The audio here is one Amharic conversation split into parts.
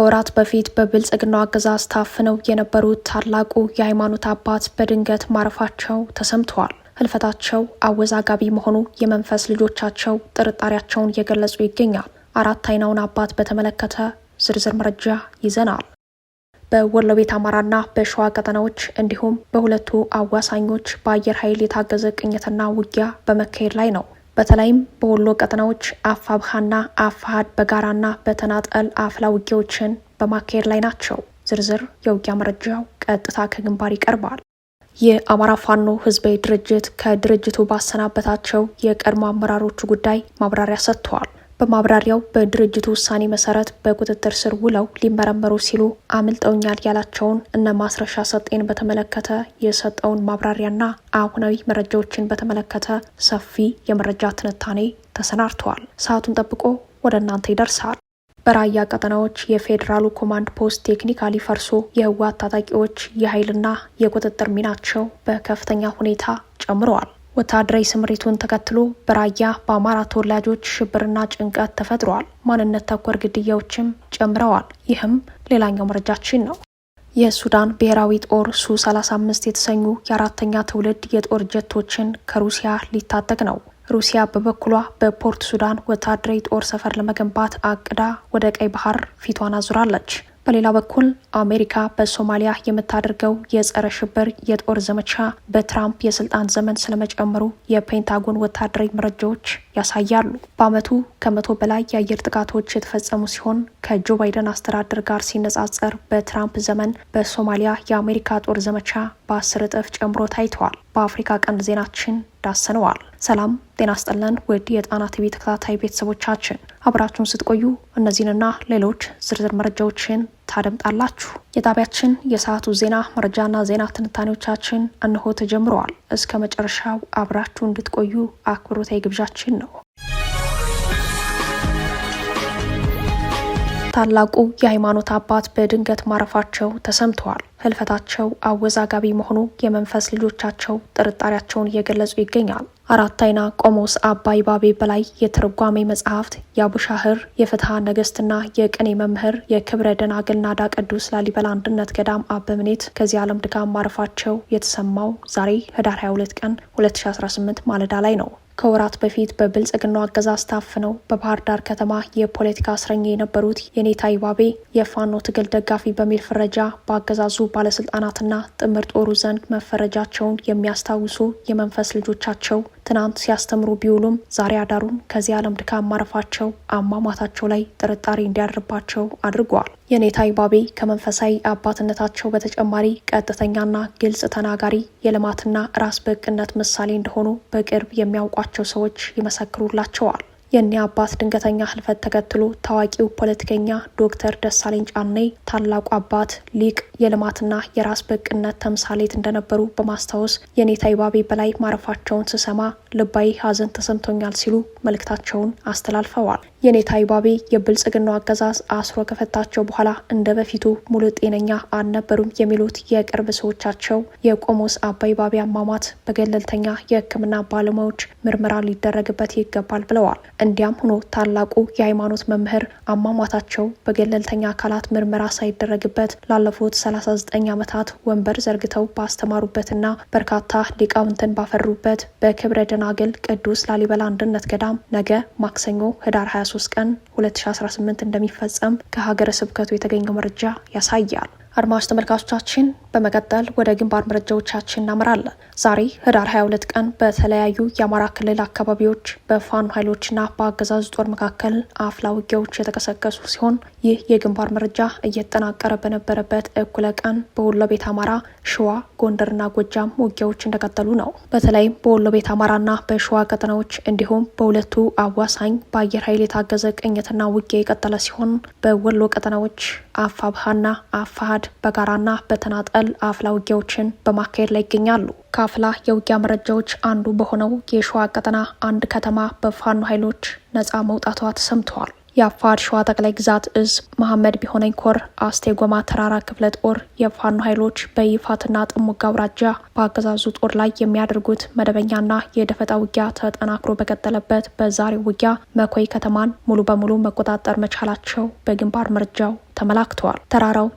ከወራት በፊት በብልጽግናው አገዛዝ ታፍነው የነበሩት ታላቁ የሃይማኖት አባት በድንገት ማረፋቸው ተሰምተዋል። ህልፈታቸው አወዛጋቢ መሆኑ የመንፈስ ልጆቻቸው ጥርጣሬያቸውን እየገለጹ ይገኛል። አራት አይናውን አባት በተመለከተ ዝርዝር መረጃ ይዘናል። በወሎ ቤት አማራና በሸዋ ቀጠናዎች እንዲሁም በሁለቱ አዋሳኞች በአየር ኃይል የታገዘ ቅኝትና ውጊያ በመካሄድ ላይ ነው። በተለይም በወሎ ቀጠናዎች አፋብሃና አፋሃድ በጋራና በተናጠል አፍላ ውጊያዎችን በማካሄድ ላይ ናቸው። ዝርዝር የውጊያ መረጃው ቀጥታ ከግንባር ይቀርባል። የአማራ ፋኖ ህዝባዊ ድርጅት ከድርጅቱ ባሰናበታቸው የቀድሞ አመራሮቹ ጉዳይ ማብራሪያ ሰጥተዋል። በማብራሪያው በድርጅቱ ውሳኔ መሰረት በቁጥጥር ስር ውለው ሊመረመሩ ሲሉ አምልጠውኛል ያላቸውን እነ ማስረሻ ሰጤን በተመለከተ የሰጠውን ማብራሪያና አሁናዊ መረጃዎችን በተመለከተ ሰፊ የመረጃ ትንታኔ ተሰናድተዋል። ሰዓቱን ጠብቆ ወደ እናንተ ይደርሳል። በራያ ቀጠናዎች የፌዴራሉ ኮማንድ ፖስት ቴክኒካሊ ፈርሶ የህወሓት ታጣቂዎች የኃይልና የቁጥጥር ሚናቸው በከፍተኛ ሁኔታ ጨምረዋል። ወታደራዊ ስምሪቱን ተከትሎ በራያ በአማራ ተወላጆች ሽብርና ጭንቀት ተፈጥሯል። ማንነት ተኮር ግድያዎችም ጨምረዋል። ይህም ሌላኛው መረጃችን ነው። የሱዳን ብሔራዊ ጦር ሱ 35 የተሰኙ የአራተኛ ትውልድ የጦር ጀቶችን ከሩሲያ ሊታጠቅ ነው። ሩሲያ በበኩሏ በፖርት ሱዳን ወታደራዊ ጦር ሰፈር ለመገንባት አቅዳ ወደ ቀይ ባህር ፊቷን አዙራለች። በሌላ በኩል አሜሪካ በሶማሊያ የምታደርገው የጸረ ሽብር የጦር ዘመቻ በትራምፕ የስልጣን ዘመን ስለመጨመሩ የፔንታጎን ወታደራዊ መረጃዎች ያሳያሉ። በአመቱ ከመቶ በላይ የአየር ጥቃቶች የተፈጸሙ ሲሆን ከጆ ባይደን አስተዳደር ጋር ሲነጻጸር በትራምፕ ዘመን በሶማሊያ የአሜሪካ ጦር ዘመቻ በአስር እጥፍ ጨምሮ ታይተዋል። በአፍሪካ ቀንድ ዜናችን ዳሰነዋል። ሰላም ጤና ስጠለን ውድ የጣና ቲቪ ተከታታይ ቤተሰቦቻችን አብራችሁን ስትቆዩ እነዚህንና ሌሎች ዝርዝር መረጃዎችን ታደምጣላችሁ። የጣቢያችን የሰዓቱ ዜና መረጃና ዜና ትንታኔዎቻችን እንሆ ተጀምረዋል። እስከ መጨረሻው አብራችሁ እንድትቆዩ አክብሮታዊ ግብዣችን ነው። ታላቁ የሃይማኖት አባት በድንገት ማረፋቸው ተሰምተዋል። ህልፈታቸው አወዛጋቢ መሆኑ የመንፈስ ልጆቻቸው ጥርጣሬያቸውን እየገለጹ ይገኛል። አራት አይና ቆሞስ አባ ይባቤ በላይ የትርጓሜ መጽሐፍት የአቡሻህር የፍትሐ ነገስትና የቅኔ መምህር የክብረ ደናግል ናዳ ቅዱስ ላሊበላ አንድነት ገዳም አበምኔት ከዚህ ዓለም ድካም ማረፋቸው የተሰማው ዛሬ ህዳር 22 ቀን 2018 ማለዳ ላይ ነው። ከወራት በፊት በብልጽግናው አገዛዝ ታፍነው በባህር ዳር ከተማ የፖለቲካ እስረኛ የነበሩት የኔታ ይባቤ የፋኖ ትግል ደጋፊ በሚል ፍረጃ በአገዛዙ ባለስልጣናትና ጥምር ጦሩ ዘንድ መፈረጃቸውን የሚያስታውሱ የመንፈስ ልጆቻቸው ትናንት ሲያስተምሩ ቢውሉም ዛሬ አዳሩን ከዚህ ዓለም ድካም ማረፋቸው አሟሟታቸው ላይ ጥርጣሬ እንዲያድርባቸው አድርጓል። የኔታ ይባቤ ከመንፈሳዊ አባትነታቸው በተጨማሪ ቀጥተኛና ግልጽ ተናጋሪ፣ የልማትና ራስ በቅነት ምሳሌ እንደሆኑ በቅርብ የሚያውቋቸው ሰዎች ይመሰክሩላቸዋል። የእኒህ አባት ድንገተኛ ህልፈት ተከትሎ ታዋቂው ፖለቲከኛ ዶክተር ደሳለኝ ጫኔ ታላቁ አባት ሊቅ፣ የልማትና የራስ በቅነት ተምሳሌት እንደነበሩ በማስታወስ የኔታ ይባቤ በላይ ማረፋቸውን ስሰማ ልባዊ ሐዘን ተሰምቶኛል ሲሉ መልእክታቸውን አስተላልፈዋል። የኔታ ይባቤ የብልጽግናው አገዛዝ አስሮ ከፈታቸው በኋላ እንደ በፊቱ ሙሉ ጤነኛ አልነበሩም የሚሉት የቅርብ ሰዎቻቸው የቆሞስ አባ ይባቤ አሟሟት በገለልተኛ የሕክምና ባለሙያዎች ምርመራ ሊደረግበት ይገባል ብለዋል። እንዲያም ሆኖ ታላቁ የሃይማኖት መምህር አሟሟታቸው በገለልተኛ አካላት ምርመራ ሳይደረግበት ላለፉት 39 ዓመታት ወንበር ዘርግተው ባስተማሩበትና በርካታ ሊቃውንትን ባፈሩበት በክብረ ደናግል ቅዱስ ላሊበላ አንድነት ገዳም ነገ ማክሰኞ ህዳር 23 ቀን 2018 እንደሚፈጸም ከሀገረ ስብከቱ የተገኘው መረጃ ያሳያል። አድማጭ ተመልካቾቻችን በመቀጠል ወደ ግንባር መረጃዎቻችን እናመራለን። ዛሬ ህዳር 22 ቀን በተለያዩ የአማራ ክልል አካባቢዎች በፋኖ ኃይሎችና በአገዛዙ ጦር መካከል አፍላ ውጊያዎች የተቀሰቀሱ ሲሆን ይህ የግንባር መረጃ እየተጠናቀረ በነበረበት እኩለ ቀን በወሎ ቤት አማራ፣ ሸዋ፣ ጎንደርና ጎጃም ውጊያዎች እንደቀጠሉ ነው። በተለይም በወሎ ቤት አማራና በሸዋ ቀጠናዎች እንዲሁም በሁለቱ አዋሳኝ በአየር ኃይል የታገዘ ቅኝትና ውጊያ የቀጠለ ሲሆን በወሎ ቀጠናዎች አፋብሃና አፋሃድ በጋራና በተናጠ በመቀጠል አፍላ ውጊያዎችን በማካሄድ ላይ ይገኛሉ። ከአፍላ የውጊያ መረጃዎች አንዱ በሆነው የሸዋ ቀጠና አንድ ከተማ በፋኖ ኃይሎች ነፃ መውጣቷ ተሰምተዋል። የአፋር ሸዋ ጠቅላይ ግዛት እዝ መሐመድ ቢሆነኝ ኮር አስቴ ጎማ ተራራ ክፍለ ጦር የፋኖ ኃይሎች በይፋትና ጥሙጋ አውራጃ በአገዛዙ ጦር ላይ የሚያደርጉት መደበኛና የደፈጣ ውጊያ ተጠናክሮ በቀጠለበት በዛሬው ውጊያ መኮይ ከተማን ሙሉ በሙሉ መቆጣጠር መቻላቸው በግንባር መረጃው ተመላክተዋል። ተራራው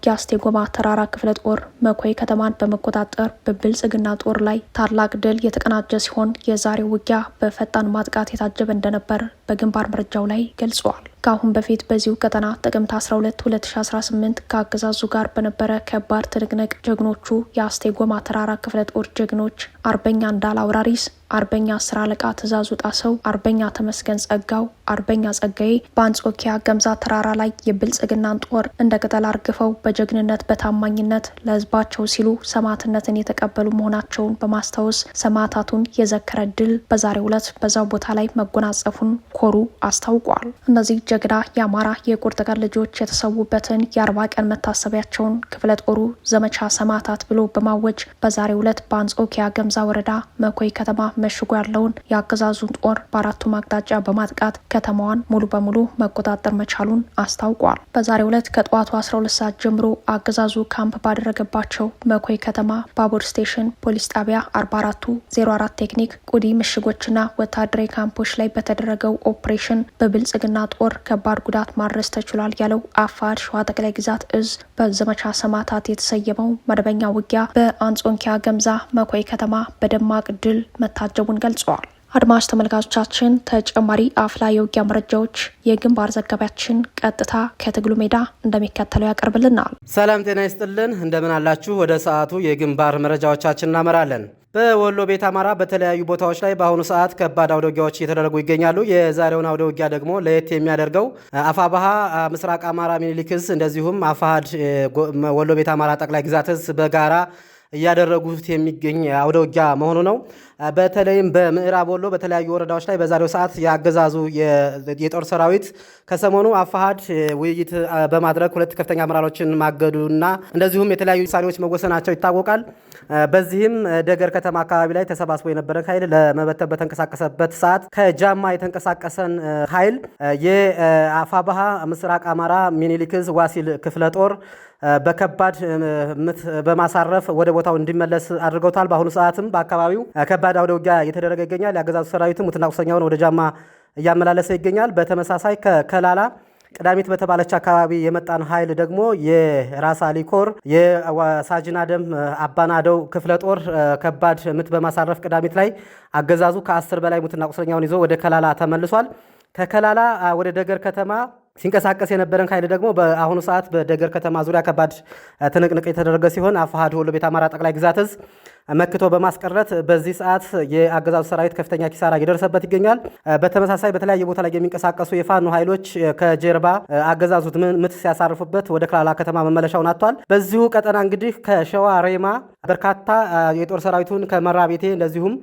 ጎማ ተራራ ክፍለ ጦር መኮይ ከተማን በመቆጣጠር በብልጽግና ጦር ላይ ታላቅ ድል የተቀናጀ ሲሆን የዛሬው ውጊያ በፈጣን ማጥቃት የታጀበ እንደነበር በግንባር መረጃው ላይ ገልጸዋል። ከአሁን በፊት በዚሁ ቀጠና ጥቅምት 12 2018 ከአገዛዙ ጋር በነበረ ከባድ ትንቅንቅ ጀግኖቹ የአስቴ ጎማ ተራራ ክፍለ ጦር ጀግኖች አርበኛ እንዳለ አውራሪስ አርበኛ ስራ አለቃ ትእዛዙ ጣሰው፣ አርበኛ ተመስገን ጸጋው፣ አርበኛ ጸጋዬ በአንጾኪያ ገምዛ ተራራ ላይ የብልጽግናን ጦር እንደ ቅጠል አርግፈው በጀግንነት በታማኝነት ለህዝባቸው ሲሉ ሰማዕትነትን የተቀበሉ መሆናቸውን በማስታወስ ሰማዕታቱን የዘከረ ድል በዛሬው ዕለት በዛው ቦታ ላይ መጎናጸፉን ኮሩ አስታውቋል። እነዚህ ጀግና የአማራ የቁርጥ ቀን ልጆች የተሰዉበትን የአርባ ቀን መታሰቢያቸውን ክፍለ ጦሩ ዘመቻ ሰማዕታት ብሎ በማወጅ በዛሬው ዕለት በአንጾኪያ ገምዛ ወረዳ መኮይ ከተማ መሽጎ ያለውን የአገዛዙን ጦር በአራቱም አቅጣጫ በማጥቃት ከተማዋን ሙሉ በሙሉ መቆጣጠር መቻሉን አስታውቋል። በዛሬው ዕለት ከጠዋቱ 12 ሰዓት ጀምሮ አገዛዙ ካምፕ ባደረገባቸው መኮይ ከተማ፣ ባቡር ስቴሽን፣ ፖሊስ ጣቢያ፣ 44ቱ 04 ቴክኒክ ቁዲ ምሽጎችና ወታደራዊ ካምፖች ላይ በተደረገው ኦፕሬሽን በብልጽግና ጦር ከባድ ጉዳት ማድረስ ተችሏል ያለው አፋር ሸዋ ጠቅላይ ግዛት እዝ በዘመቻ ሰማዕታት የተሰየመው መደበኛ ውጊያ በአንጾንኪያ ገምዛ መኮይ ከተማ በደማቅ ድል መታ። መታጀቡን ገልጸዋል። አድማጭ ተመልካቾቻችን ተጨማሪ አፍላ የውጊያ መረጃዎች የግንባር ዘጋቢያችን ቀጥታ ከትግሉ ሜዳ እንደሚከተለው ያቀርብልናል። ሰላም ጤና ይስጥልን፣ እንደምን አላችሁ? ወደ ሰዓቱ የግንባር መረጃዎቻችን እናመራለን። በወሎ ቤት አማራ በተለያዩ ቦታዎች ላይ በአሁኑ ሰዓት ከባድ አውደ ውጊያዎች እየተደረጉ ይገኛሉ። የዛሬውን አውደ ውጊያ ደግሞ ለየት የሚያደርገው አፋባሃ ምስራቅ አማራ ሚኒሊክስ እንደዚሁም አፋሃድ ወሎ ቤት አማራ ጠቅላይ ግዛት በጋራ እያደረጉት የሚገኝ አውደ ውጊያ መሆኑ ነው። በተለይም በምዕራብ ወሎ በተለያዩ ወረዳዎች ላይ በዛሬው ሰዓት የአገዛዙ የጦር ሰራዊት ከሰሞኑ አፋሃድ ውይይት በማድረግ ሁለት ከፍተኛ አመራሮችን ማገዱና እንደዚሁም የተለያዩ ውሳኔዎች መወሰናቸው ይታወቃል። በዚህም ደገር ከተማ አካባቢ ላይ ተሰባስቦ የነበረን ኃይል ለመበተን በተንቀሳቀሰበት ሰዓት ከጃማ የተንቀሳቀሰን ኃይል የአፋባሃ ምስራቅ አማራ ሚኒሊክዝ ዋሲል ክፍለ ጦር በከባድ ምት በማሳረፍ ወደ ቦታው እንዲመለስ አድርገውታል። በአሁኑ ሰዓትም በአካባቢው ከባድ ከባድ አውደ ውጊያ እየተደረገ ይገኛል። የአገዛዙ ሰራዊትም ሙትና ቁስለኛውን ወደ ጃማ እያመላለሰ ይገኛል። በተመሳሳይ ከከላላ ቅዳሚት በተባለች አካባቢ የመጣን ኃይል ደግሞ የራስ አሊኮር የሳጅና ደም አባናደው ክፍለ ጦር ከባድ ምት በማሳረፍ ቅዳሚት ላይ አገዛዙ ከአስር በላይ ሙትና ቁስለኛውን ይዞ ወደ ከላላ ተመልሷል። ከከላላ ወደ ደገር ከተማ ሲንቀሳቀስ የነበረን ኃይል ደግሞ በአሁኑ ሰዓት በደገር ከተማ ዙሪያ ከባድ ትንቅንቅ የተደረገ ሲሆን አፋሃድ ወሎ ቤት አማራ ጠቅላይ ግዛት እዝ መክቶ በማስቀረት በዚህ ሰዓት የአገዛዙ ሰራዊት ከፍተኛ ኪሳራ እየደረሰበት ይገኛል። በተመሳሳይ በተለያየ ቦታ ላይ የሚንቀሳቀሱ የፋኖ ኃይሎች ከጀርባ አገዛዙ ምት ሲያሳርፉበት ወደ ክላላ ከተማ መመለሻውን አጥቷል። በዚሁ ቀጠና እንግዲህ ከሸዋ ሬማ በርካታ የጦር ሰራዊቱን ከመራ ቤቴ እንደዚሁም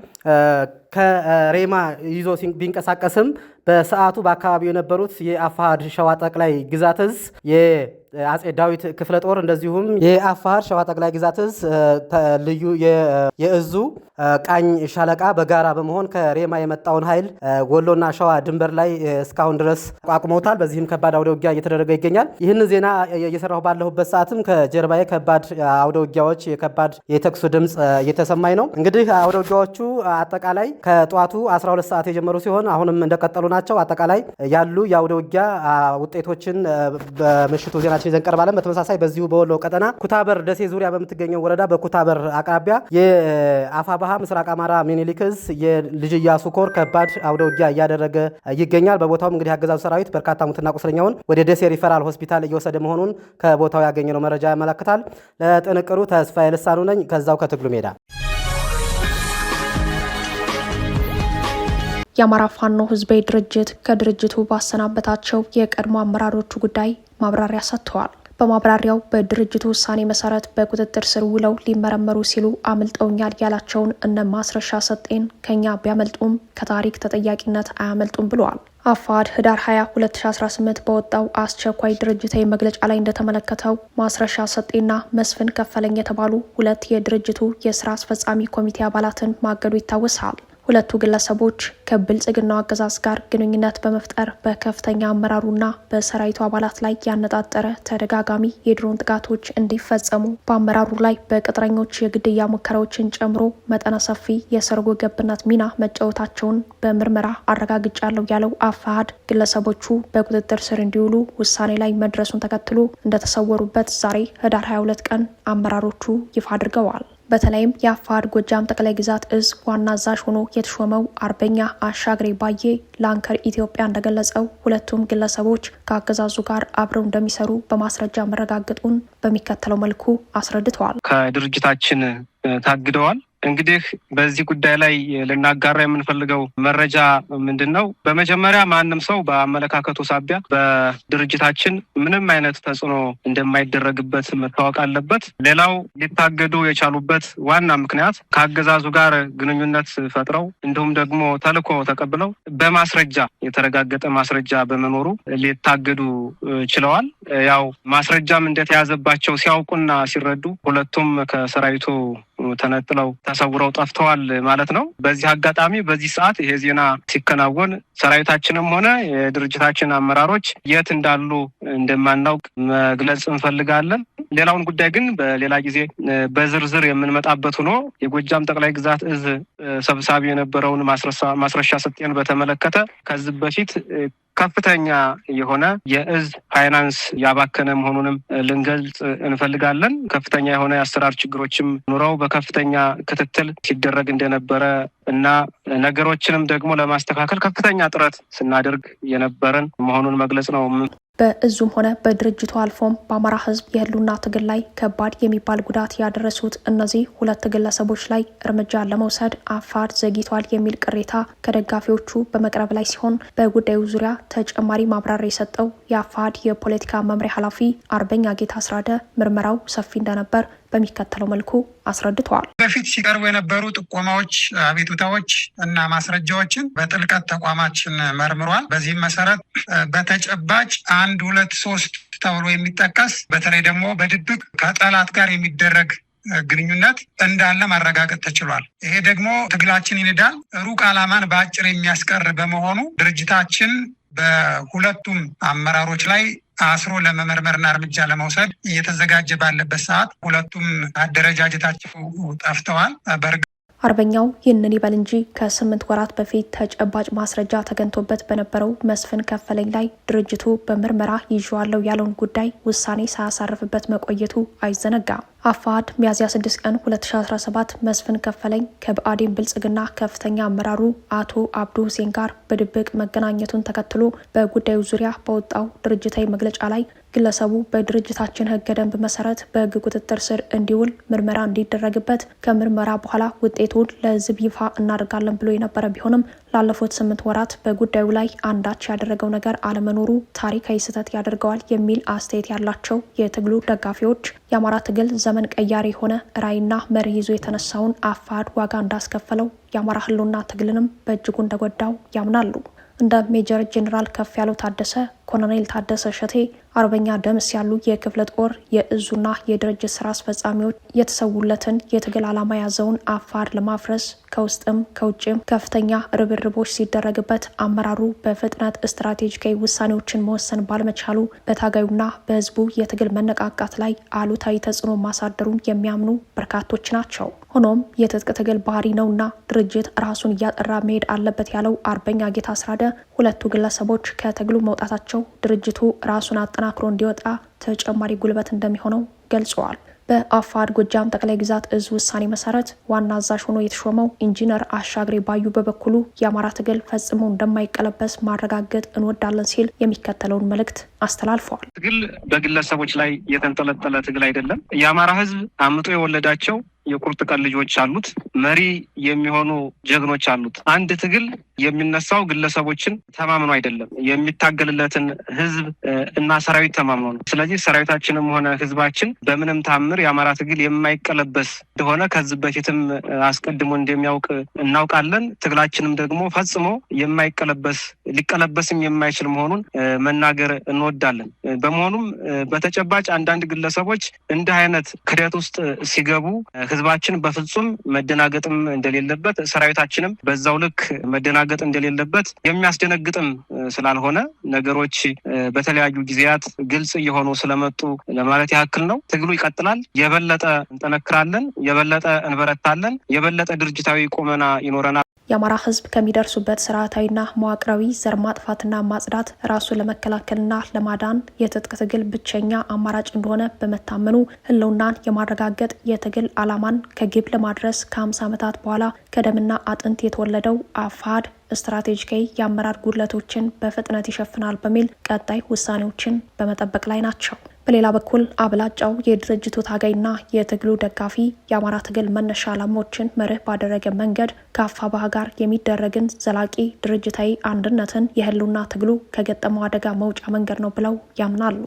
ከሬማ ይዞ ቢንቀሳቀስም በሰዓቱ በአካባቢው የነበሩት የአፋሃድ ሸዋ ጠቅላይ ግዛት እዝ አጼ ዳዊት ክፍለ ጦር እንደዚሁም የአፋር ሸዋ ጠቅላይ ግዛት እዝ ልዩ የእዙ ቃኝ ሻለቃ በጋራ በመሆን ከሬማ የመጣውን ኃይል ወሎና ሸዋ ድንበር ላይ እስካሁን ድረስ ቋቁመውታል። በዚህም ከባድ አውደ ውጊያ እየተደረገ ይገኛል። ይህን ዜና እየሰራሁ ባለሁበት ሰዓትም ከጀርባዬ ከባድ አውደ ውጊያዎች፣ የከባድ የተኩሱ ድምፅ እየተሰማኝ ነው። እንግዲህ አውደ ውጊያዎቹ አጠቃላይ ከጠዋቱ 12 ሰዓት የጀመሩ ሲሆን አሁንም እንደቀጠሉ ናቸው። አጠቃላይ ያሉ የአውደ ውጊያ ውጤቶችን በምሽቱ ዜና ዜናቸው ይዘን ቀርባለን። በተመሳሳይ በዚሁ በወሎ ቀጠና ኩታበር ደሴ ዙሪያ በምትገኘው ወረዳ በኩታበር አቅራቢያ የአፋባሃ ምስራቅ አማራ ሚኒሊክስ የልጅ ኢያሱ ኮር ከባድ አውደ ውጊያ እያደረገ ይገኛል። በቦታውም እንግዲህ አገዛዙ ሰራዊት በርካታ ሙትና ቁስለኛውን ወደ ደሴ ሪፈራል ሆስፒታል እየወሰደ መሆኑን ከቦታው ያገኘነው መረጃ ያመለክታል። ለጥንቅሩ ተስፋ የልሳኑ ነኝ ከዛው ከትግሉ ሜዳ የአማራ ፋኖ ህዝባዊ ድርጅት ከድርጅቱ ባሰናበታቸው የቀድሞ አመራሮቹ ጉዳይ ማብራሪያ ሰጥተዋል። በማብራሪያው በድርጅቱ ውሳኔ መሰረት በቁጥጥር ስር ውለው ሊመረመሩ ሲሉ አምልጠውኛል ያላቸውን እነ ማስረሻ ሰጤን ከኛ ቢያመልጡም ከታሪክ ተጠያቂነት አያመልጡም ብለዋል። አፋድ ህዳር 20 2018 በወጣው አስቸኳይ ድርጅታዊ መግለጫ ላይ እንደተመለከተው ማስረሻ ሰጤና መስፍን ከፈለኝ የተባሉ ሁለት የድርጅቱ የስራ አስፈጻሚ ኮሚቴ አባላትን ማገዱ ይታወሳል። ሁለቱ ግለሰቦች ከብልጽግናው አገዛዝ ጋር ግንኙነት በመፍጠር በከፍተኛ አመራሩና በሰራዊቱ አባላት ላይ ያነጣጠረ ተደጋጋሚ የድሮን ጥቃቶች እንዲፈጸሙ በአመራሩ ላይ በቅጥረኞች የግድያ ሙከራዎችን ጨምሮ መጠነ ሰፊ የሰርጎ ገብነት ሚና መጫወታቸውን በምርመራ አረጋግጫለሁ ያለው አፋሃድ። ግለሰቦቹ በቁጥጥር ስር እንዲውሉ ውሳኔ ላይ መድረሱን ተከትሎ እንደተሰወሩበት ዛሬ ህዳር 22 ቀን አመራሮቹ ይፋ አድርገዋል። በተለይም የአፋር ጎጃም ጠቅላይ ግዛት እዝ ዋና አዛዥ ሆኖ የተሾመው አርበኛ አሻግሬ ባዬ ለአንከር ኢትዮጵያ እንደገለጸው ሁለቱም ግለሰቦች ከአገዛዙ ጋር አብረው እንደሚሰሩ በማስረጃ መረጋገጡን በሚከተለው መልኩ አስረድተዋል። ከድርጅታችን ታግደዋል እንግዲህ በዚህ ጉዳይ ላይ ልናጋራ የምንፈልገው መረጃ ምንድን ነው? በመጀመሪያ ማንም ሰው በአመለካከቱ ሳቢያ በድርጅታችን ምንም አይነት ተጽዕኖ እንደማይደረግበት መታወቅ አለበት። ሌላው ሊታገዱ የቻሉበት ዋና ምክንያት ከአገዛዙ ጋር ግንኙነት ፈጥረው እንዲሁም ደግሞ ተልዕኮ ተቀብለው በማስረጃ የተረጋገጠ ማስረጃ በመኖሩ ሊታገዱ ችለዋል። ያው ማስረጃም እንደተያዘባቸው ሲያውቁና ሲረዱ ሁለቱም ከሰራዊቱ ተነጥለው ተሰውረው ጠፍተዋል ማለት ነው። በዚህ አጋጣሚ በዚህ ሰዓት ይሄ ዜና ሲከናወን ሰራዊታችንም ሆነ የድርጅታችን አመራሮች የት እንዳሉ እንደማናውቅ መግለጽ እንፈልጋለን። ሌላውን ጉዳይ ግን በሌላ ጊዜ በዝርዝር የምንመጣበት ሆኖ የጎጃም ጠቅላይ ግዛት እዝ ሰብሳቢ የነበረውን ማስረሻ ሰጤን በተመለከተ ከዚህ በፊት ከፍተኛ የሆነ የእዝ ፋይናንስ ያባከነ መሆኑንም ልንገልጽ እንፈልጋለን። ከፍተኛ የሆነ የአሰራር ችግሮችም ኑረው በከፍተኛ ክትትል ሲደረግ እንደነበረ እና ነገሮችንም ደግሞ ለማስተካከል ከፍተኛ ጥረት ስናደርግ የነበረን መሆኑን መግለጽ ነው። በእዙም ሆነ በድርጅቱ አልፎም በአማራ ህዝብ የህልውና ትግል ላይ ከባድ የሚባል ጉዳት ያደረሱት እነዚህ ሁለት ግለሰቦች ላይ እርምጃ ለመውሰድ አፋር ዘግይቷል የሚል ቅሬታ ከደጋፊዎቹ በመቅረብ ላይ ሲሆን በጉዳዩ ዙሪያ ተጨማሪ ማብራሪያ የሰጠው የአፋድ የፖለቲካ መምሪያ ኃላፊ አርበኛ ጌታ አስራደ ምርመራው ሰፊ እንደነበር በሚከተለው መልኩ አስረድተዋል። በፊት ሲቀርቡ የነበሩ ጥቆማዎች፣ አቤቱታዎች እና ማስረጃዎችን በጥልቀት ተቋማችን መርምሯል። በዚህም መሰረት በተጨባጭ አንድ ሁለት ሶስት ተብሎ የሚጠቀስ በተለይ ደግሞ በድብቅ ከጠላት ጋር የሚደረግ ግንኙነት እንዳለ ማረጋገጥ ተችሏል። ይሄ ደግሞ ትግላችን ይንዳል፣ ሩቅ ዓላማን በአጭር የሚያስቀር በመሆኑ ድርጅታችን በሁለቱም አመራሮች ላይ አስሮ ለመመርመርና እርምጃ ለመውሰድ እየተዘጋጀ ባለበት ሰዓት ሁለቱም አደረጃጀታቸው ጠፍተዋል። በእርግጥ አርበኛው ይህንን ይበል እንጂ ከስምንት ወራት በፊት ተጨባጭ ማስረጃ ተገኝቶበት በነበረው መስፍን ከፈለኝ ላይ ድርጅቱ በምርመራ ይዤዋለሁ ያለውን ጉዳይ ውሳኔ ሳያሳርፍበት መቆየቱ አይዘነጋም። አፋድ ሚያዝያ 6 ቀን 2017 መስፍን ከፈለኝ ከብአዴን ብልጽግና ከፍተኛ አመራሩ አቶ አብዱ ሁሴን ጋር በድብቅ መገናኘቱን ተከትሎ በጉዳዩ ዙሪያ በወጣው ድርጅታዊ መግለጫ ላይ ግለሰቡ በድርጅታችን ህገ ደንብ መሰረት በህግ ቁጥጥር ስር እንዲውል ምርመራ እንዲደረግበት ከምርመራ በኋላ ውጤቱን ለህዝብ ይፋ እናደርጋለን ብሎ የነበረ ቢሆንም ላለፉት ስምንት ወራት በጉዳዩ ላይ አንዳች ያደረገው ነገር አለመኖሩ ታሪካዊ ስህተት ያደርገዋል የሚል አስተያየት ያላቸው የትግሉ ደጋፊዎች የአማራ ትግል ዘመን ቀያሪ የሆነ ራዕይና መሪ ይዞ የተነሳውን አፋድ ዋጋ እንዳስከፈለው የአማራ ህልውና ትግልንም በእጅጉ እንደጎዳው ያምናሉ። እንደ ሜጀር ጄኔራል ከፍ ያለው ታደሰ፣ ኮሎኔል ታደሰ እሸቴ አርበኛ ደምስ ያሉ የክፍለ ጦር የእዙና የድርጅት ስራ አስፈጻሚዎች የተሰዉለትን የትግል ዓላማ ያዘውን አፋር ለማፍረስ ከውስጥም ከውጭም ከፍተኛ ርብርቦች ሲደረግበት አመራሩ በፍጥነት ስትራቴጂካዊ ውሳኔዎችን መወሰን ባልመቻሉ በታጋዩና በህዝቡ የትግል መነቃቃት ላይ አሉታዊ ተጽዕኖ ማሳደሩን የሚያምኑ በርካቶች ናቸው። ሆኖም የትጥቅ ትግል ባህሪ ነውና ድርጅት ራሱን እያጠራ መሄድ አለበት ያለው አርበኛ ጌታ አስራደ ሁለቱ ግለሰቦች ከትግሉ መውጣታቸው ድርጅቱ ራሱን አጠና ተጠናክሮ እንዲወጣ ተጨማሪ ጉልበት እንደሚሆነው ገልጸዋል። በአፋድ ጎጃም ጠቅላይ ግዛት እዝ ውሳኔ መሰረት ዋና አዛዥ ሆኖ የተሾመው ኢንጂነር አሻግሬ ባዩ በበኩሉ የአማራ ትግል ፈጽሞ እንደማይቀለበስ ማረጋገጥ እንወዳለን ሲል የሚከተለውን መልእክት አስተላልፈዋል። ትግል በግለሰቦች ላይ የተንጠለጠለ ትግል አይደለም። የአማራ ሕዝብ አምጦ የወለዳቸው የቁርጥ ቀን ልጆች አሉት፣ መሪ የሚሆኑ ጀግኖች አሉት። አንድ ትግል የሚነሳው ግለሰቦችን ተማምኖ አይደለም፣ የሚታገልለትን ህዝብ እና ሰራዊት ተማምኖ ነው። ስለዚህ ሰራዊታችንም ሆነ ህዝባችን በምንም ታምር የአማራ ትግል የማይቀለበስ እንደሆነ ከዚህ በፊትም አስቀድሞ እንደሚያውቅ እናውቃለን። ትግላችንም ደግሞ ፈጽሞ የማይቀለበስ ሊቀለበስም የማይችል መሆኑን መናገር እንወዳለን። በመሆኑም በተጨባጭ አንዳንድ ግለሰቦች እንዲህ አይነት ክደት ውስጥ ሲገቡ ህዝባችን በፍጹም መደናገጥም እንደሌለበት፣ ሰራዊታችንም በዛው ልክ መደናገጥ እንደሌለበት የሚያስደነግጥም ስላልሆነ ነገሮች በተለያዩ ጊዜያት ግልጽ እየሆኑ ስለመጡ ለማለት ያክል ነው። ትግሉ ይቀጥላል። የበለጠ እንጠነክራለን፣ የበለጠ እንበረታለን፣ የበለጠ ድርጅታዊ ቁመና ይኖረናል። የአማራ ህዝብ ከሚደርሱበት ስርዓታዊና መዋቅራዊ ዘር ማጥፋትና ማጽዳት ራሱ ለመከላከልና ለማዳን የትጥቅ ትግል ብቸኛ አማራጭ እንደሆነ በመታመኑ ህልውናን የማረጋገጥ የትግል ዓላማን ከግብ ለማድረስ ከ50 ዓመታት በኋላ ከደምና አጥንት የተወለደው አፋድ ስትራቴጂካዊ የአመራር ጉድለቶችን በፍጥነት ይሸፍናል በሚል ቀጣይ ውሳኔዎችን በመጠበቅ ላይ ናቸው። በሌላ በኩል አብላጫው የድርጅቱ ታጋይና የትግሉ ደጋፊ የአማራ ትግል መነሻ ዓላማዎችን መርህ ባደረገ መንገድ ከአፋብኃ ጋር የሚደረግን ዘላቂ ድርጅታዊ አንድነትን የህልውና ትግሉ ከገጠመው አደጋ መውጫ መንገድ ነው ብለው ያምናሉ።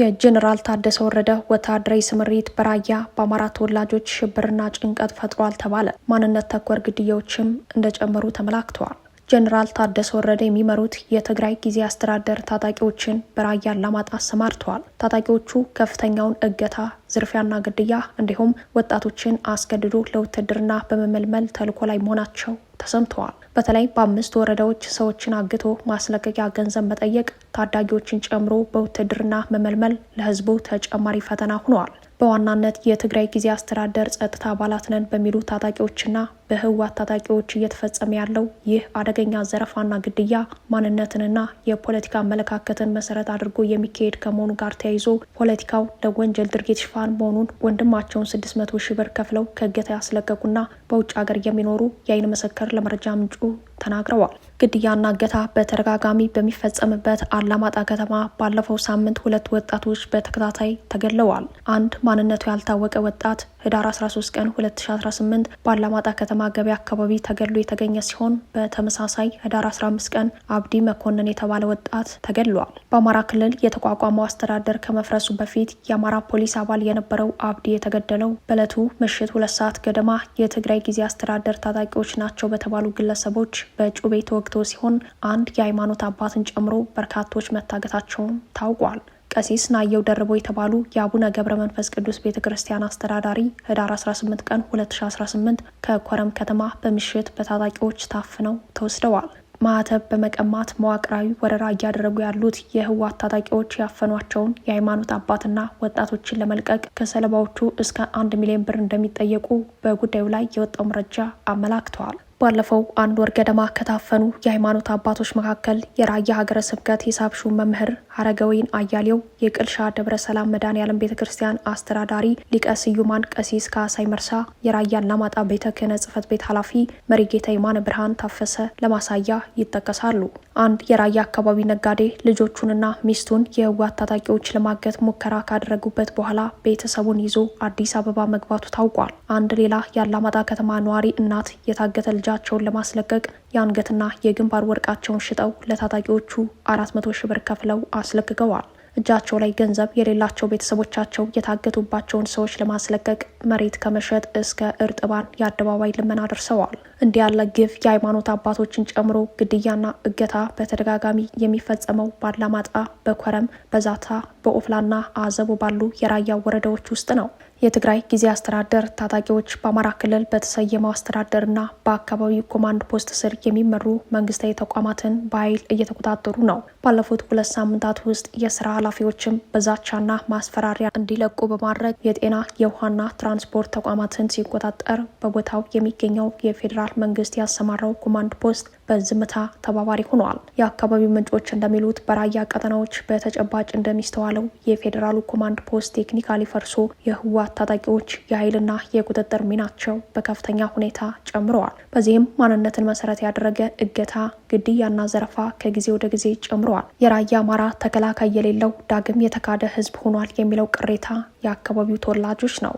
የጄኔራል ታደሰ ወረደ ወታደራዊ ስምሪት በራያ በአማራ ተወላጆች ሽብርና ጭንቀት ፈጥሯል ተባለ። ማንነት ተኮር ግድያዎችም እንደጨመሩ ተመላክተዋል። ጀኔራል ታደሰ ወረደ የሚመሩት የትግራይ ጊዜ አስተዳደር ታጣቂዎችን በራያ አላማጣ አሰማርተዋል። ታጣቂዎቹ ከፍተኛውን እገታ፣ ዝርፊያና ግድያ እንዲሁም ወጣቶችን አስገድዶ ለውትድርና በመመልመል ተልዕኮ ላይ መሆናቸው ተሰምተዋል። በተለይ በአምስት ወረዳዎች ሰዎችን አግቶ ማስለቀቂያ ገንዘብ መጠየቅ፣ ታዳጊዎችን ጨምሮ በውትድርና መመልመል ለህዝቡ ተጨማሪ ፈተና ሆነዋል። በዋናነት የትግራይ ጊዜ አስተዳደር ጸጥታ አባላት ነን በሚሉ ታጣቂዎችና በህወሓት ታጣቂዎች እየተፈጸመ ያለው ይህ አደገኛ ዘረፋና ግድያ ማንነትንና የፖለቲካ አመለካከትን መሰረት አድርጎ የሚካሄድ ከመሆኑ ጋር ተያይዞ ፖለቲካው ለወንጀል ድርጊት ሽፋን መሆኑን ወንድማቸውን ስድስት መቶ ሺህ ብር ከፍለው ከእገታ ያስለቀቁና በውጭ ሀገር የሚኖሩ የአይን መሰከር ለመረጃ ምንጩ ተናግረዋል። ግድያና እገታ በተደጋጋሚ በሚፈጸምበት አላማጣ ከተማ ባለፈው ሳምንት ሁለት ወጣቶች በተከታታይ ተገድለዋል። አንድ ማንነቱ ያልታወቀ ወጣት ህዳር 13 ቀን 2018 ባላማጣ ከተማ ገበያ አካባቢ ተገድሎ የተገኘ ሲሆን በተመሳሳይ ህዳር 15 ቀን አብዲ መኮንን የተባለ ወጣት ተገድሏል። በአማራ ክልል የተቋቋመው አስተዳደር ከመፍረሱ በፊት የአማራ ፖሊስ አባል የነበረው አብዲ የተገደለው በዕለቱ ምሽት ሁለት ሰዓት ገደማ የትግራይ ጊዜ አስተዳደር ታጣቂዎች ናቸው በተባሉ ግለሰቦች በጩቤ ተወግቶ ሲሆን አንድ የሃይማኖት አባትን ጨምሮ በርካቶች መታገታቸውም ታውቋል። ቀሲስ ናየው ደርቦ የተባሉ የአቡነ ገብረ መንፈስ ቅዱስ ቤተ ክርስቲያን አስተዳዳሪ ህዳር 18 ቀን 2018 ከኮረም ከተማ በምሽት በታጣቂዎች ታፍነው ተወስደዋል። ማዕተብ በመቀማት መዋቅራዊ ወረራ እያደረጉ ያሉት የህወሓት ታጣቂዎች ያፈኗቸውን የሃይማኖት አባትና ወጣቶችን ለመልቀቅ ከሰለባዎቹ እስከ አንድ ሚሊዮን ብር እንደሚጠየቁ በጉዳዩ ላይ የወጣው መረጃ አመላክተዋል። ባለፈው አንድ ወር ገደማ ከታፈኑ የሃይማኖት አባቶች መካከል የራያ ሀገረ ስብከት ሂሳብ ሹም መምህር አረጋዊን አያሌው የቅልሻ ደብረ ሰላም መድኃኔ ዓለም ቤተ ክርስቲያን አስተዳዳሪ፣ ሊቀ ስዩማን ቀሲስ ካሳይ መርሳ፣ የራያ አላማጣ ቤተ ክህነት ጽህፈት ቤት ኃላፊ መሪጌታ የማነ ብርሃን ታፈሰ ለማሳያ ይጠቀሳሉ። አንድ የራያ አካባቢ ነጋዴ ልጆቹንና ሚስቱን የህወሓት ታጣቂዎች ለማገት ሙከራ ካደረጉበት በኋላ ቤተሰቡን ይዞ አዲስ አበባ መግባቱ ታውቋል። አንድ ሌላ የአላማጣ ከተማ ነዋሪ እናት የታገተ ልጃቸውን ለማስለቀቅ የአንገትና የግንባር ወርቃቸውን ሽጠው ለታጣቂዎቹ አራት መቶ ሺ ብር ከፍለው አስ አስለቅቀዋል። እጃቸው ላይ ገንዘብ የሌላቸው ቤተሰቦቻቸው የታገቱባቸውን ሰዎች ለማስለቀቅ መሬት ከመሸጥ እስከ እርጥባን የአደባባይ ልመና ደርሰዋል። እንዲህ ያለ ግፍ የሃይማኖት አባቶችን ጨምሮ ግድያና እገታ በተደጋጋሚ የሚፈጸመው ባላማጣ፣ በኮረም፣ በዛታ፣ በኦፍላና አዘቦ ባሉ የራያ ወረዳዎች ውስጥ ነው። የትግራይ ጊዜ አስተዳደር ታጣቂዎች በአማራ ክልል በተሰየመው አስተዳደርና በአካባቢው ኮማንድ ፖስት ስር የሚመሩ መንግስታዊ ተቋማትን በኃይል እየተቆጣጠሩ ነው። ባለፉት ሁለት ሳምንታት ውስጥ የስራ ኃላፊዎችም በዛቻና ማስፈራሪያ እንዲለቁ በማድረግ የጤና የውሃና ትራንስፖርት ተቋማትን ሲቆጣጠር፣ በቦታው የሚገኘው የፌዴራል መንግስት ያሰማራው ኮማንድ ፖስት በዝምታ ተባባሪ ሆነዋል። የአካባቢው ምንጮች እንደሚሉት በራያ ቀጠናዎች በተጨባጭ እንደሚስተዋለው የፌዴራሉ ኮማንድ ፖስት ቴክኒካሊ ፈርሶ የህወሓት ታጣቂዎች የኃይልና የቁጥጥር ሚናቸው በከፍተኛ ሁኔታ ጨምረዋል። በዚህም ማንነትን መሰረት ያደረገ እገታ፣ ግድያና ዘረፋ ከጊዜ ወደ ጊዜ ጨምረዋል። የራያ አማራ ተከላካይ የሌለው ዳግም የተካደ ህዝብ ሆኗል የሚለው ቅሬታ የአካባቢው ተወላጆች ነው።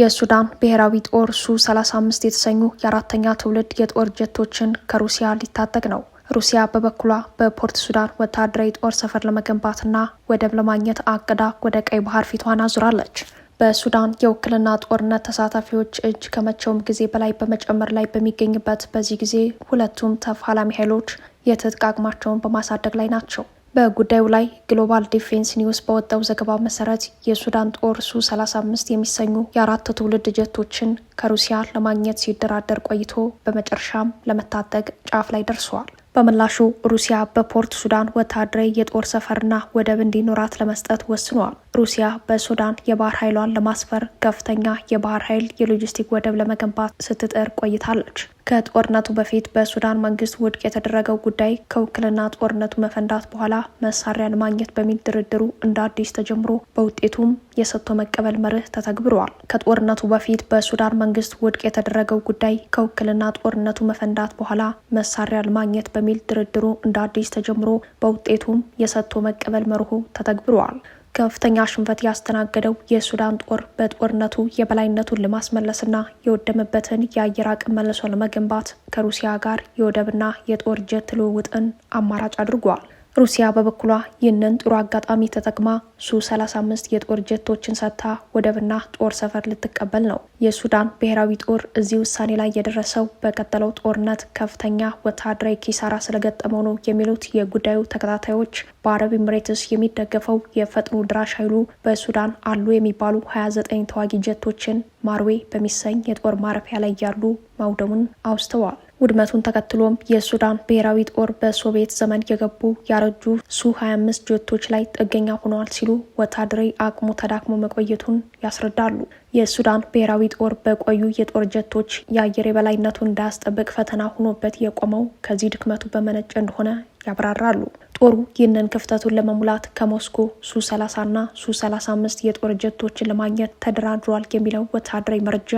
የሱዳን ብሔራዊ ጦር ሱ 35 የተሰኙ የአራተኛ ትውልድ የጦር ጀቶችን ከሩሲያ ሊታጠቅ ነው። ሩሲያ በበኩሏ በፖርት ሱዳን ወታደራዊ ጦር ሰፈር ለመገንባትና ወደብ ለማግኘት አቅዳ ወደ ቀይ ባህር ፊቷን አዙራለች። በሱዳን የውክልና ጦርነት ተሳታፊዎች እጅ ከመቼውም ጊዜ በላይ በመጨመር ላይ በሚገኝበት በዚህ ጊዜ ሁለቱም ተፋላሚ ኃይሎች የትጥቅ አቅማቸውን በማሳደግ ላይ ናቸው። በጉዳዩ ላይ ግሎባል ዲፌንስ ኒውስ በወጣው ዘገባ መሰረት የሱዳን ጦር ሱ 35 የሚሰኙ የአራት ትውልድ ጀቶችን ከሩሲያ ለማግኘት ሲደራደር ቆይቶ በመጨረሻም ለመታጠቅ ጫፍ ላይ ደርሰዋል። በምላሹ ሩሲያ በፖርት ሱዳን ወታደራዊ የጦር ሰፈርና ወደብ እንዲኖራት ለመስጠት ወስኗል። ሩሲያ በሱዳን የባህር ኃይሏን ለማስፈር ከፍተኛ የባህር ኃይል የሎጂስቲክ ወደብ ለመገንባት ስትጥር ቆይታለች። ከጦርነቱ በፊት በሱዳን መንግስት ውድቅ የተደረገው ጉዳይ ከውክልና ጦርነቱ መፈንዳት በኋላ መሳሪያን ማግኘት በሚል ድርድሩ እንደ አዲስ ተጀምሮ በውጤቱም የሰጥቶ መቀበል መርህ ተተግብረዋል። ከጦርነቱ በፊት በሱዳን መንግስት ውድቅ የተደረገው ጉዳይ ከውክልና ጦርነቱ መፈንዳት በኋላ መሳሪያን ማግኘት በሚል ድርድሩ እንደ አዲስ ተጀምሮ በውጤቱም የሰጥቶ መቀበል መርሁ ተተግብረዋል። ከፍተኛ ሽንፈት ያስተናገደው የሱዳን ጦር በጦርነቱ የበላይነቱን ለማስመለስና የወደመበትን የአየር አቅም መልሶ ለመገንባት ከሩሲያ ጋር የወደብና የጦር ጀት ልውውጥን አማራጭ አድርጓል። ሩሲያ በበኩሏ ይህንን ጥሩ አጋጣሚ ተጠቅማ ሱ 35 የጦር ጀቶችን ሰጥታ ወደብና ጦር ሰፈር ልትቀበል ነው። የሱዳን ብሔራዊ ጦር እዚህ ውሳኔ ላይ የደረሰው በቀጠለው ጦርነት ከፍተኛ ወታደራዊ ኪሳራ ስለገጠመው ነው የሚሉት የጉዳዩ ተከታታዮች በአረብ ኤምሬትስ የሚደገፈው የፈጥኖ ድራሽ ኃይሉ በሱዳን አሉ የሚባሉ 29 ተዋጊ ጀቶችን ማርዌ በሚሰኝ የጦር ማረፊያ ላይ ያሉ ማውደሙን አውስተዋል። ውድመቱን ተከትሎም የሱዳን ብሔራዊ ጦር በሶቪየት ዘመን የገቡ ያረጁ ሱ 25 ጀቶች ላይ ጥገኛ ሆነዋል ሲሉ ወታደራዊ አቅሙ ተዳክሞ መቆየቱን ያስረዳሉ። የሱዳን ብሔራዊ ጦር በቆዩ የጦር ጀቶች የአየር የበላይነቱን እንዳያስጠብቅ ፈተና ሆኖበት የቆመው ከዚህ ድክመቱ በመነጨ እንደሆነ ያብራራሉ። ጦሩ ይህንን ክፍተቱን ለመሙላት ከሞስኮ ሱ 30 እና ሱ 35 የጦር ጀቶችን ለማግኘት ተደራድሯል የሚለው ወታደራዊ መረጃ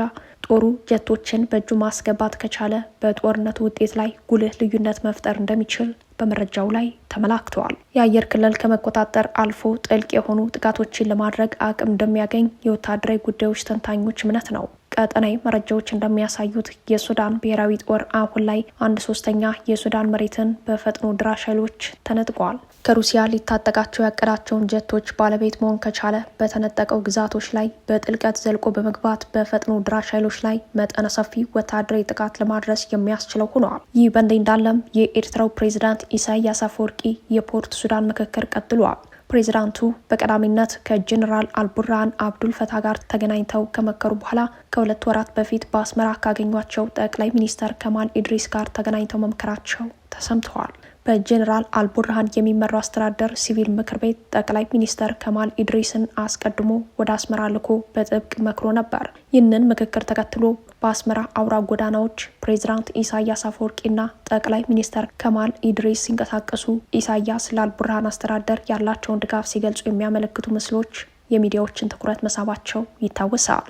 ጦሩ ጀቶችን በእጁ ማስገባት ከቻለ በጦርነቱ ውጤት ላይ ጉልህ ልዩነት መፍጠር እንደሚችል በመረጃው ላይ ተመላክተዋል። የአየር ክልል ከመቆጣጠር አልፎ ጥልቅ የሆኑ ጥቃቶችን ለማድረግ አቅም እንደሚያገኝ የወታደራዊ ጉዳዮች ተንታኞች እምነት ነው። ቀጠናዊ መረጃዎች እንደሚያሳዩት የሱዳን ብሔራዊ ጦር አሁን ላይ አንድ ሶስተኛ የሱዳን መሬትን በፈጥኖ ድራሽ ኃይሎች ተነጥቀዋል። ከሩሲያ ሊታጠቃቸው ያቀዳቸውን ጀቶች ባለቤት መሆን ከቻለ በተነጠቀው ግዛቶች ላይ በጥልቀት ዘልቆ በመግባት በፈጥኖ ድራሽ ኃይሎች ላይ መጠነ ሰፊ ወታደራዊ ጥቃት ለማድረስ የሚያስችለው ሆነዋል። ይህ በእንዲህ እንዳለም የኤርትራው ፕሬዚዳንት ኢሳያስ አፈወርቂ የፖርት ሱዳን ምክክር ቀጥሏል። ፕሬዚዳንቱ በቀዳሚነት ከጀኔራል አልቡርሃን አብዱል ፈታ ጋር ተገናኝተው ከመከሩ በኋላ ከሁለት ወራት በፊት በአስመራ ካገኟቸው ጠቅላይ ሚኒስተር ከማል ኢድሪስ ጋር ተገናኝተው መምከራቸው ተሰምተዋል። በጀኔራል አልቡርሃን የሚመራው አስተዳደር ሲቪል ምክር ቤት ጠቅላይ ሚኒስተር ከማል ኢድሪስን አስቀድሞ ወደ አስመራ ልኮ በጥብቅ መክሮ ነበር። ይህንን ምክክር ተከትሎ በአስመራ አውራ ጎዳናዎች ፕሬዚዳንት ኢሳያስ አፈወርቂና ጠቅላይ ሚኒስተር ከማል ኢድሪስ ሲንቀሳቀሱ ኢሳያስ ለአልቡርሃን አስተዳደር ያላቸውን ድጋፍ ሲገልጹ የሚያመለክቱ ምስሎች የሚዲያዎችን ትኩረት መሳባቸው ይታወሳል።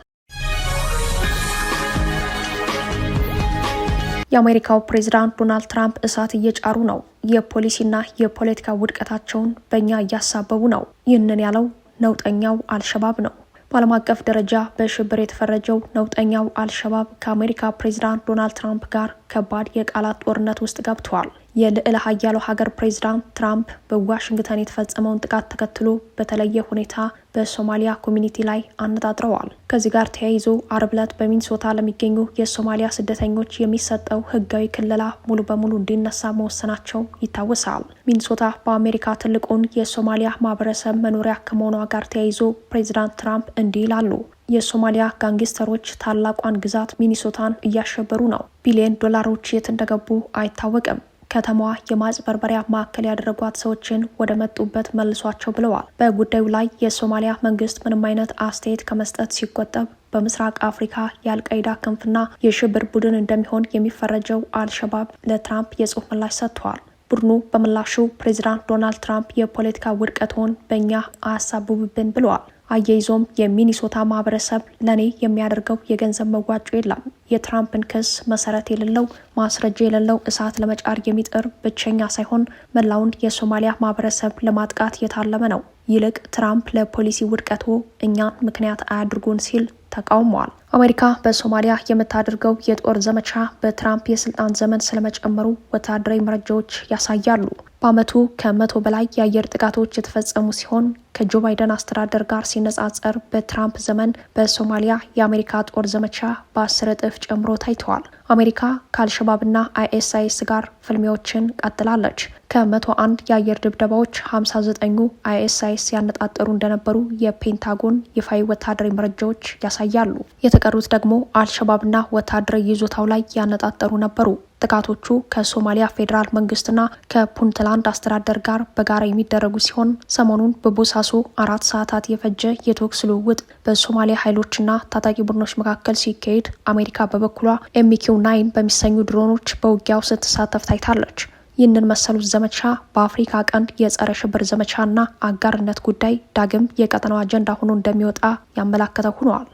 የአሜሪካው ፕሬዚዳንት ዶናልድ ትራምፕ እሳት እየጫሩ ነው፣ የፖሊሲና የፖለቲካ ውድቀታቸውን በእኛ እያሳበቡ ነው። ይህንን ያለው ነውጠኛው አልሸባብ ነው። በዓለም አቀፍ ደረጃ በሽብር የተፈረጀው ነውጠኛው አልሸባብ ከአሜሪካ ፕሬዚዳንት ዶናልድ ትራምፕ ጋር ከባድ የቃላት ጦርነት ውስጥ ገብተዋል። የልዕለ ሀያሉ ሀገር ፕሬዚዳንት ትራምፕ በዋሽንግተን የተፈጸመውን ጥቃት ተከትሎ በተለየ ሁኔታ በሶማሊያ ኮሚኒቲ ላይ አነጣጥረዋል። ከዚህ ጋር ተያይዞ አርብ ዕለት በሚኒሶታ ለሚገኙ የሶማሊያ ስደተኞች የሚሰጠው ሕጋዊ ክልላ ሙሉ በሙሉ እንዲነሳ መወሰናቸው ይታወሳል። ሚኒሶታ በአሜሪካ ትልቁን የሶማሊያ ማህበረሰብ መኖሪያ ከመሆኗ ጋር ተያይዞ ፕሬዚዳንት ትራምፕ እንዲህ ይላሉ። የሶማሊያ ጋንግስተሮች ታላቋን ግዛት ሚኒሶታን እያሸበሩ ነው። ቢሊዮን ዶላሮች የት እንደገቡ አይታወቅም። ከተማዋ የማጭበርበሪያ ማዕከል ያደረጓት ሰዎችን ወደ መጡበት መልሷቸው ብለዋል። በጉዳዩ ላይ የሶማሊያ መንግስት ምንም አይነት አስተያየት ከመስጠት ሲቆጠብ በምስራቅ አፍሪካ የአልቃይዳ ክንፍና የሽብር ቡድን እንደሚሆን የሚፈረጀው አልሸባብ ለትራምፕ የጽሁፍ ምላሽ ሰጥተዋል። ቡድኑ በምላሹ ፕሬዚዳንት ዶናልድ ትራምፕ የፖለቲካ ውድቀትዎን በእኛ አያሳብብብን ብለዋል። አያይዞም የሚኒሶታ ማህበረሰብ ለእኔ የሚያደርገው የገንዘብ መዋጮ የለም። የትራምፕን ክስ መሰረት የሌለው ማስረጃ የሌለው እሳት ለመጫር የሚጥር ብቸኛ ሳይሆን መላውን የሶማሊያ ማህበረሰብ ለማጥቃት የታለመ ነው። ይልቅ ትራምፕ ለፖሊሲ ውድቀቱ እኛን ምክንያት አያድርጉን ሲል ተቃውመዋል። አሜሪካ በሶማሊያ የምታደርገው የጦር ዘመቻ በትራምፕ የስልጣን ዘመን ስለመጨመሩ ወታደራዊ መረጃዎች ያሳያሉ። በአመቱ ከመቶ በላይ የአየር ጥቃቶች የተፈጸሙ ሲሆን ከጆ ባይደን አስተዳደር ጋር ሲነጻጸር በትራምፕ ዘመን በሶማሊያ የአሜሪካ ጦር ዘመቻ በአስር እጥፍ ጨምሮ ታይተዋል። አሜሪካ ከአልሸባብና አይኤስአይኤስ ጋር ፍልሚያዎችን ቀጥላለች። ከመቶ አንድ የአየር ድብደባዎች 59ኙ አይኤስአይኤስ ያነጣጠሩ እንደነበሩ የፔንታጎን ይፋዊ ወታደራዊ መረጃዎች ያሳያሉ። የተቀሩት ደግሞ አልሸባብና ወታደራዊ ይዞታው ላይ ያነጣጠሩ ነበሩ። ጥቃቶቹ ከሶማሊያ ፌዴራል መንግስትና ከፑንትላንድ አስተዳደር ጋር በጋራ የሚደረጉ ሲሆን ሰሞኑን በቦሳሶ አራት ሰዓታት የፈጀ የተኩስ ልውውጥ በሶማሊያ ኃይሎችና ታጣቂ ቡድኖች መካከል ሲካሄድ አሜሪካ በበኩሏ ኤምኪው ናይን በሚሰኙ ድሮኖች በውጊያው ስትሳተፍ ታይታለች። ይህንን መሰሉት ዘመቻ በአፍሪካ ቀንድ የጸረ ሽብር ዘመቻና አጋርነት ጉዳይ ዳግም የቀጠናው አጀንዳ ሆኖ እንደሚወጣ ያመላከተ ሆነዋል።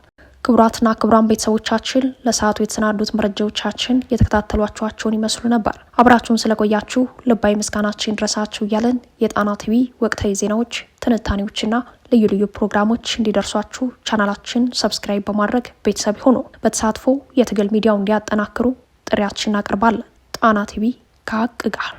ክቡራትና ክቡራን ቤተሰቦቻችን ለሰዓቱ የተሰናዱት መረጃዎቻችን የተከታተሏችኋቸውን ይመስሉ ነበር። አብራችሁን ስለቆያችሁ ልባዊ ምስጋናችን ድረሳችሁ እያለን የጣና ቲቪ ወቅታዊ ዜናዎች፣ ትንታኔዎችና ልዩ ልዩ ፕሮግራሞች እንዲደርሷችሁ ቻናላችን ሰብስክራይብ በማድረግ ቤተሰብ ሆኖ በተሳትፎ የትግል ሚዲያውን እንዲያጠናክሩ ጥሪያችን እናቀርባለን። ጣና ቲቪ ከሀቅ ጋር